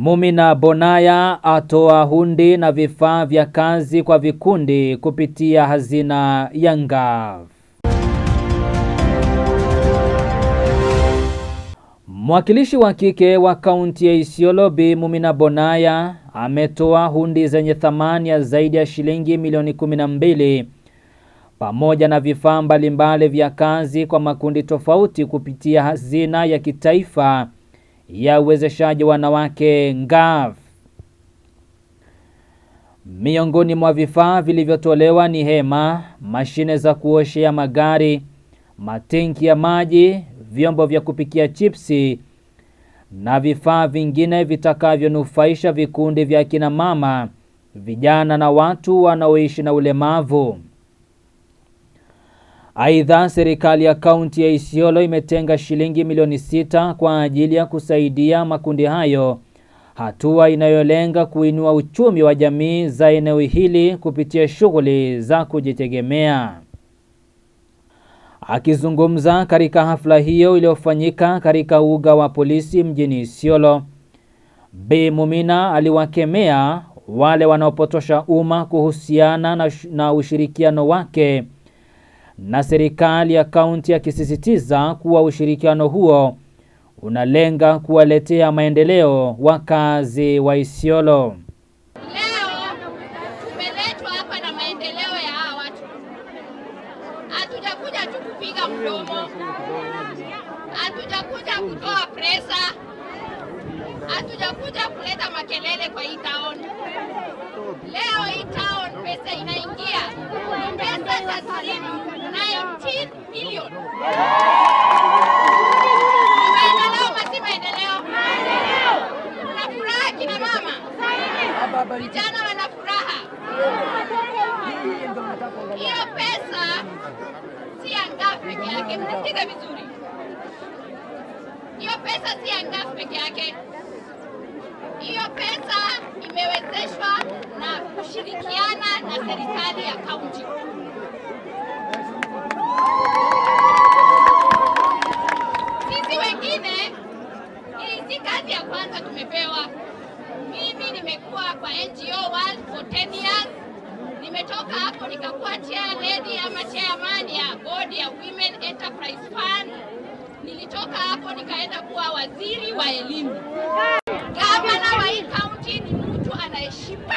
Mumina Bonaya atoa hundi na vifaa vya kazi kwa vikundi kupitia hazina ya ngav Mwakilishi wa kike wa kaunti ya Isiolo Bi Mumina Bonaya ametoa hundi zenye thamani ya zaidi ya shilingi milioni 12 pamoja na vifaa mbalimbali vya kazi kwa makundi tofauti kupitia hazina ya kitaifa ya uwezeshaji wanawake NGAV. Miongoni mwa vifaa vilivyotolewa ni hema, mashine za kuoshea magari, matenki ya maji, vyombo vya kupikia chipsi na vifaa vingine vitakavyonufaisha vikundi vya kina mama, vijana na watu wanaoishi na ulemavu. Aidha, serikali ya kaunti ya Isiolo imetenga shilingi milioni sita kwa ajili ya kusaidia makundi hayo, hatua inayolenga kuinua uchumi wa jamii za eneo hili kupitia shughuli za kujitegemea. Akizungumza katika hafla hiyo iliyofanyika katika uga wa polisi mjini Isiolo, Bi Mumina aliwakemea wale wanaopotosha umma kuhusiana na ushirikiano wake na serikali ya kaunti akisisitiza kuwa ushirikiano huo unalenga kuwaletea maendeleo wakazi wa Isiolo. Leo tumeletwa hapa na maendeleo ya hawa watu, hatujakuja tu kupiga mdomo, hatujakuja kutoa presa, hatujakuja kuleta makelele kwa hii taoni. Vijana wana furaha. Hiyo pesa si ya peke yake, mnasikiza vizuri. Hiyo pesa si ya peke yake. Hiyo pesa imewezeshwa na kushirikiana na serikali ya kaunti. kutoka hapo nikakuwa chairlady ama chairman ya board ya Women Enterprise Fund. Nilitoka hapo nikaenda kuwa waziri wa elimu. Gavana wa hii kaunti ni mtu anaheshimika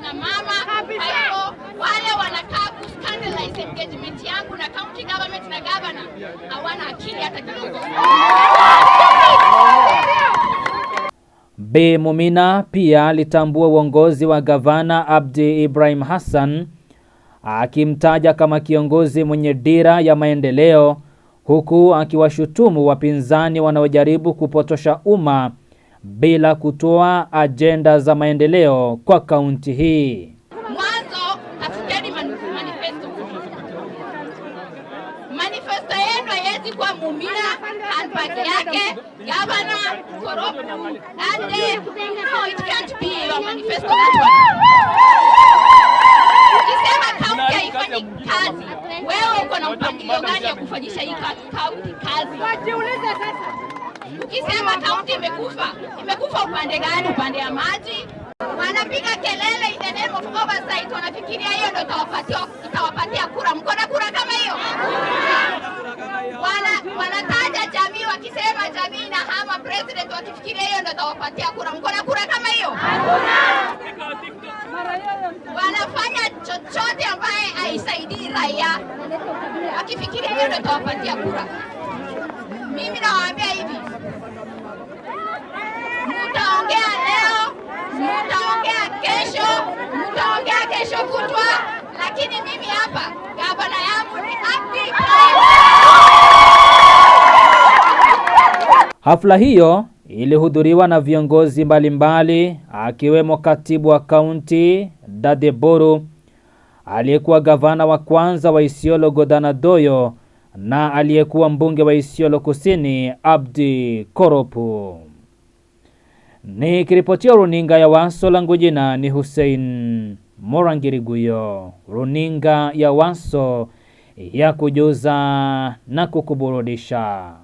kina mama, kwa hivyo wale wanakaa scandalize engagement yangu na county government na governor hawana akili hata kidogo. Bi Mumina pia alitambua uongozi wa gavana Abdi Ibrahim Hassan akimtaja kama kiongozi mwenye dira ya maendeleo huku akiwashutumu wapinzani wanaojaribu kupotosha umma bila kutoa ajenda za maendeleo kwa kaunti hii. Mwanzo manifesto, manifesto yenu haiwezi kuwa Mumila and yake gavana wewe uko na mpangilio gani ya kufanyisha hii kaunti kazi? Wajiulize sasa. Ukisema kaunti imekufa, imekufa upande gani? Upande ya maji? Wanapiga kelele in the name of oversight, wanafikiria hiyo ndio itawapatia itawapatia kura. Mko na kura kama hiyo? Wana wanataja jamii, wakisema jamii na hama president, wakifikiria hiyo ndio itawapatia kura. Mko na kura kama hiyo? Wanafanya chochote ambaye haisaidii raia, wakifikiria hiyo ndio itawapatia kura mimi nawaambia hivi, mtaongea leo, mtaongea kesho, mtaongea kesho kutwa, lakini mimi hapa gavana yangu ni Hafla hiyo ilihudhuriwa na viongozi mbalimbali akiwemo katibu wa kaunti dadeboru aliyekuwa gavana wa kwanza wa Isiolo Godana Doyo na aliyekuwa mbunge wa Isiolo Kusini Abdi Koropu. Nikiripotia runinga ya Waso, langu jina ni Hussein Morangiriguyo, runinga ya Waso ya kujuza na kukuburudisha.